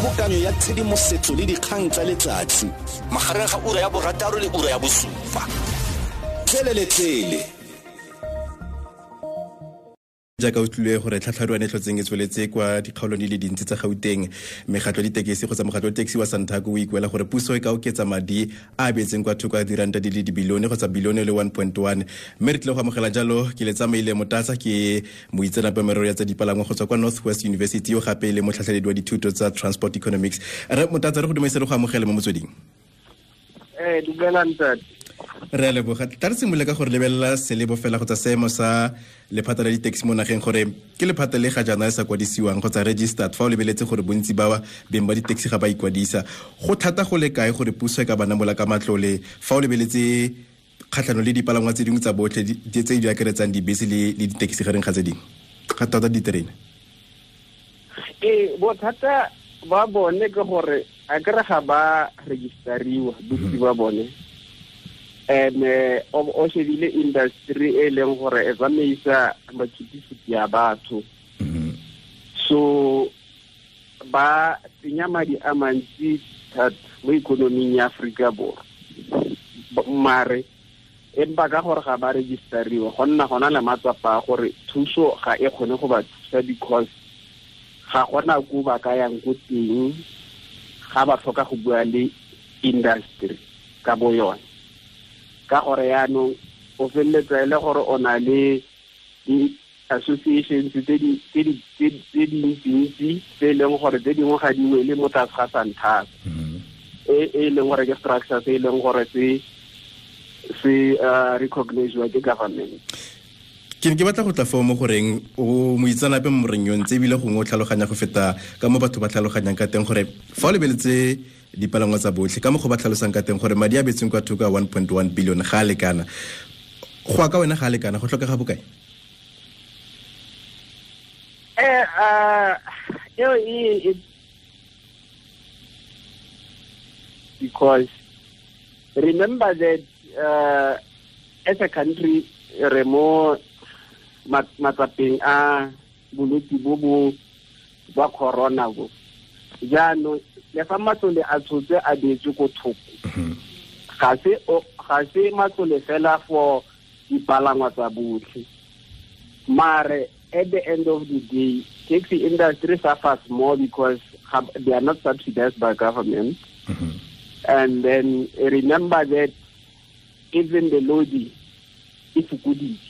kgobokanyo ya tshedimosetso le dikgang tsa letsatsi magareng ga ura ya borataro le ura ya bosupa tseleletsele jaaka o tlile gore tlhatlhadiwane tlhotseng e tsweletse kwa dikgaolong di le dintsi tsa gauteng megatlho megatlo ditekesi kgotsa mogatlo taxi wa santaco o ikuela gore puso e ka oketsa madi a a beetseng kwa thoko a diranta di le dibilione kgotsa bilione le one point one mme re tlile go amogela jalo ke letsamaile motatsa ke moitsenape merero ya tsa dipalangwa go tswa kwa north west university o gape le motlhatlheledi wa dithuto tsa transport economics re motatsa re go dumaise re go amogele mo motsweding um eh, dumelang re a leboga tla re simolole ka gore lebelela selebo fela kgotsa seemo sa lephata la di-taxi mo nageng gore ke lephata le ga jaana le sa kwadisiwang kgotsa registered fa o lebeletse gore bontsi ba beng ba di-taxi ga ba ikwadisa go thata go le kae gore puso e ka banamola ka matlole fa o lebeletse kgatlhano le dipalangwa tse dingwe tsa botlhe tse di akaretsang dibese le di-taxi gareng ga tse dingwe ga tota diterene ee bothata ba bone ke gore a kere ga ba registariwa bosi ba bone and uh, o shebile industry e leng gore e tsamaisa matshutifuti ya batho mm-hmm. so ba tsenya madi a mantsi thata mo ikonoming ya aforika borwa mare empa ka gore ga ba registeriwa go nna gona le matsapa a gore thuso ga e kgone go ba thusa because ga gona ko ba ka yang ko teng ga ba tlhoka go bua le industry ka bo yone ka gore yaanong o feleletsa e le gore o na le di-associations tse dintsintsi tse e leng gore tse dingwe ga diwe le mo tlase ga santhasa mm-hmm. e e leng gore ke structure se e leng gore se se uh, recognisewa ke government ke ke batla go tla fao mo goreng o moitsanape mo moreng yo ntse ebile gongwe o tlhaloganya go feta ka mo batho ba tlhaloganyang ka teng gore fa o lebeletse dipalangwa tsa botlhe ka mo go ba tlhalosang ka teng gore madi a betseng kwa thoka a one point one billion ga a lekana go a ka wena ga a lekana go tlhokega bokae eh, ah, e, e because remember that uh, as a country re mo matsapeng a bo bo ba corona bo jaanong le fa matlole a tshotse a beetswe ko thoko mhm. ga se matlole fela for dipalangwa tsa botlhe mare at the end of the day taxi industry suffers more because they are not subsidized by government mm -hmm. and then remember that even the lodi e fokoditse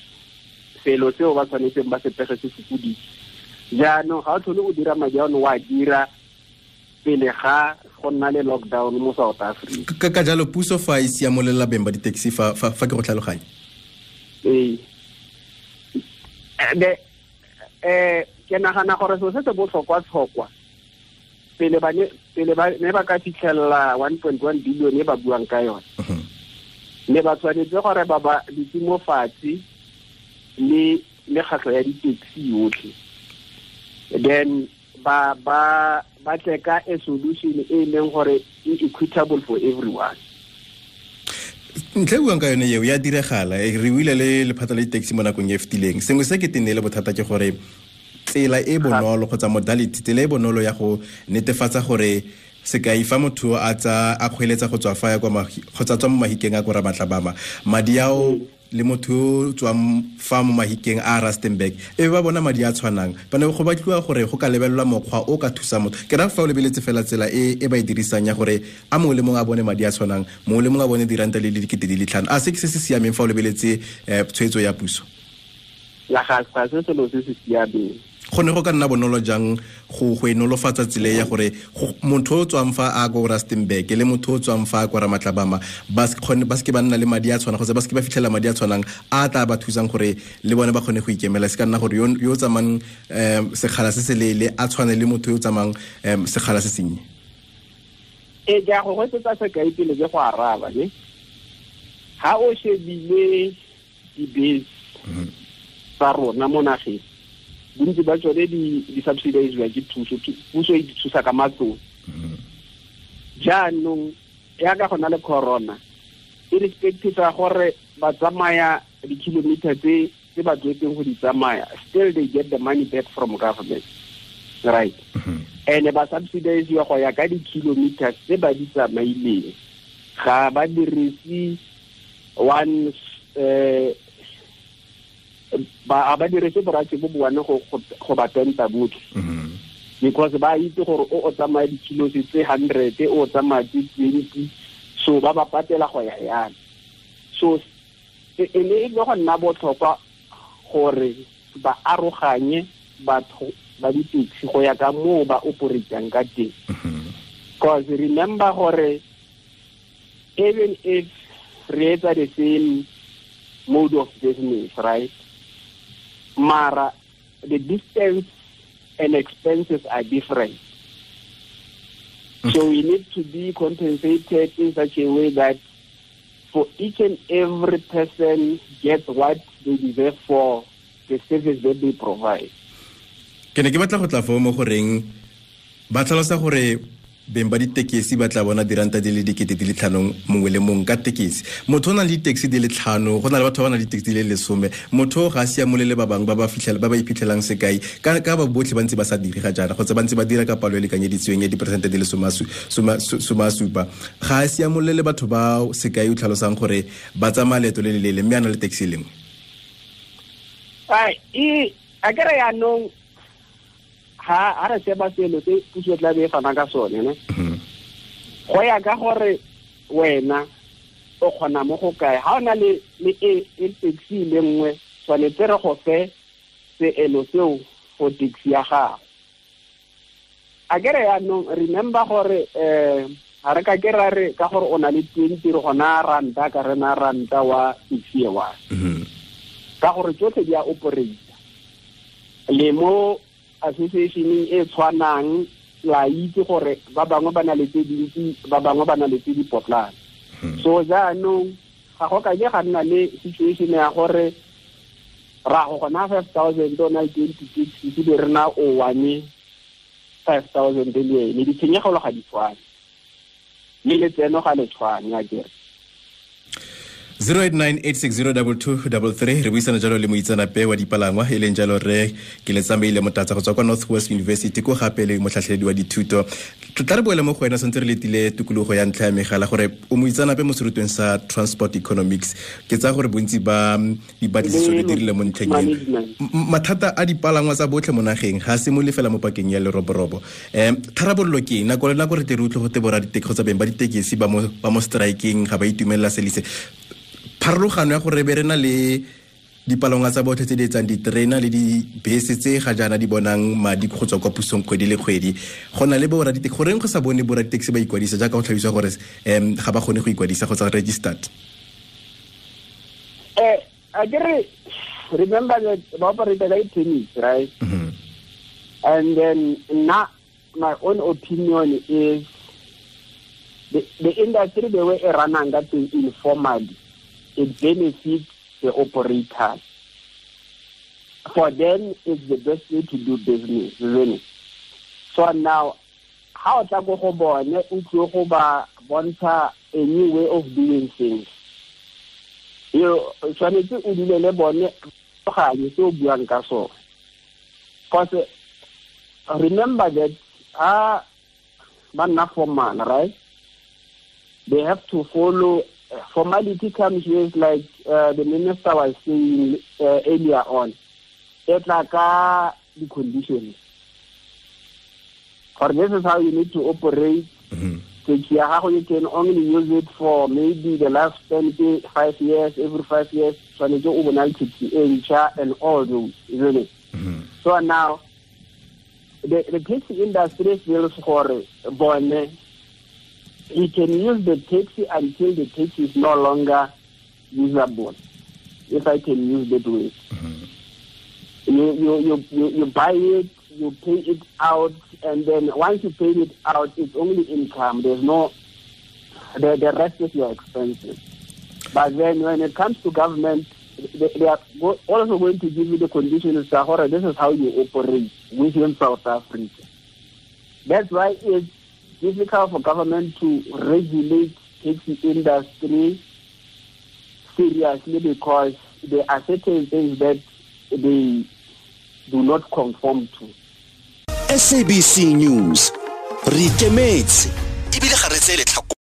selo seo ba tshwanetseng ba sepege se fokoditse jaanong ga o tlhole o dira madi ano wa dira pele ga go nna le lockdown mo south africa ka jalo puso fa e siamolela beng ba di-taxi fa ke go tlhaloganya ee um ke nagana gore seo se se botlhokwa-tlhokwa pele ba ne ba ka fitlhelela one point one billion e ba buang ka yone mhm. ne ba tshwanetse gore ba ba ditimo fatshe le khatlo ya ditaxi yotlhe then ba ba ba tle ka a solution e leng gore e equitable for everyone ntle buang ka yone eo ya diregala e re wile le lephata le ditaxi mo nakong e fetileng sengwe se ke tenne le bothata ke gore tsela e bonolo kgotsa modality tsela e bonolo ya go netefatsa gore sekai fa motho a tsa a kgweletsa go tswa fa ya kwa kgotsa tswa mo mahikeng a kora matlhabama madi ao le motho yo tswang fa mo mahikeng a rustenburg e ba bona madi a tshwanang ba ne go batliwa gore go ka lebelelwa mokgwa o ka thusa motho ke ra fa o lebeletse fela tsela e e ba e dirisang ya gore a mongwe le mongwe a bone madi a tshwanang mongwe le mongwe a bone diranta le le dikete di le tlhano a se ke se se siameng fa o lebeletse um tshwetso ya puso la ga se selo se se siameng go ne go ka nna bonolo jang go go e nolofatsa tsele ya gore motho o tswang fa a rusting rustenburg le motho o tswang fa a kwa ramatlabama ba seke ba nna le madi a tshwana kgotsa ba seke ba fitlhela madi a tshwanang a tla ba thusang gore le bone ba kgone go ikemela se ka nna gore yo o tsamayng um sekgala se se leele a tshwane le motho yo o tsamayng um sekgala se sennye e ja go go se sekai ipile ke go araba e ga o di dibese mhm. tsa rona mo nageng bontsi ba tsone di-subsidizwa ke thuso puso e di thusa ka matlong jaanong yaka go na le corona irrespective e ya gore ba tsamaya di tse tse ba tswetseng go di tsamaya still they get the money back from government right and ba subsidiziwa go ya ka di tse ba di tsamaileng ga ba dirise one eh, ba ba diretse boratse bo buane go go ba tenta botlhe mm-hmm. because ba itse gore o o tsamaya dikilos tse hundred o o tsamaya tse twenty so ba ba patela go ya yana so e, e ne e le go nna botlhokwa gore ba aroganye batho ba ditaxi go ya ka moo ba operatang ka teng mm-hmm. because remember gore even if re etsa the same mode of business right mara the distance and expenses are different. So we need to be compensated in such a way that for each and every person gets what they deserve for the service that they provide. Can I give a go tla foo mo beng ba ditekesi ba tla bona diranta di le dikete di le tlhanong mongwe le mongwe ka tekesi motho o na le ditaxi di le tlhano go na le batho ba ba nang le ditaxi di le lesome motho ga a siamole le ba bangwe ba ba iphitlhelang sekai ka ba botlhe ba ntse ba sa dire ga jaana kgotsa ba ntse ba dira ka palo e lekanyeditsweng ya diperesente di le some a supa ga a siamole le batho ba sekai o tlhalosang gore ba tsamaya leeto le le leele mme a na le taxi e lengwe e, a kere yaanong ga re ba selo se puso tla be e fana ka sone ne hmm. go ya ka gore wena o kgona mo go kae ga ona le le e, e taxi le nngwe tshwanetse re go fe seelo seo go taxi ya gago a ya no remember gore um eh, ga re ka ke ra re ka gore o na le twenty re gona ranta ka rena ranta wa taxi wa e hmm. ka gore tsotlhe di a operata le mo association e tshwanang la itse gore ba bangwe ba na le tse dintsi ba bangwe ba na le tse dipotlana hmm. so jaanong ga go ka ke ga nna le situation ya gore ra go gona five thousand o na le twenty six ebile re na o wane five thousand le ene ditshenyegelo ga di tshwane le letseno ga le tshwane a kere 08986022233 re buisana jalo le moitsanape wa dipalangwa e leng jalo re ke letsambeile motatsa go tswa kwa north west university ko gape le motlhatlheledi wa dithuto tla re boele mo go wena santse re letile tokologo ya ntlha ya megala gore o moitsanape mo serutweng sa transport economics ke tsaya gore bontsi ba dipatlisiso le dirile mo ntlheng eno mathata a dipalangwa tsa botlhe mo nageng ga se mo fela mo pakeng ya leroborobo um tharabololo ke nako le nako re tere utlwe go tebora bora ditekego tsa beng ba ditekesi ba mo strikeng ga ba itumelela selise pharologano ya gore be re le dipalangwa tsa botlhe tse di etsang diterena le dibese tse ga jaana di bonang madi go tswa kwa pusong kgwedi le kgwedi go na le boraditeki goreng go sa bone boraditaxi ba ikwadisa jaaka go tlhabisa gore um ga ba kgone go ikwadisa kgotsa tsa registered um eh, akere remember that ba operate ka itennis right mm -hmm. and then na my own opinion is the, the industry the way e ranang ka teng informally it benefits the operators. For them, it's the best way to do business, really. So now, how to go home bone o tlo go a new way of doing things You. know, o dule le bone ganye se o because remember that ah uh, not for man, right they have to follow formality comes with, like uh, the minister was saying uh, earlier on, it's like uh, the conditions. Or this is how you need to operate. Mm -hmm. You can only use it for maybe the last 25 years, every five years, and all those, isn't it? Mm -hmm. So now, the, the industry feels for Bonne you can use the taxi until the taxi is no longer usable, if I can use that way. Mm -hmm. you, you, you, you, you buy it, you pay it out, and then once you pay it out, it's only income. There's no, the, the rest is your expenses. But then when it comes to government, they, they are also going to give you the conditions, Sahara, this is how you operate within South Africa. That's why it's difficult for government to regulate taxi industry seriously because there are certain things that they do not conform to. SABC News. Re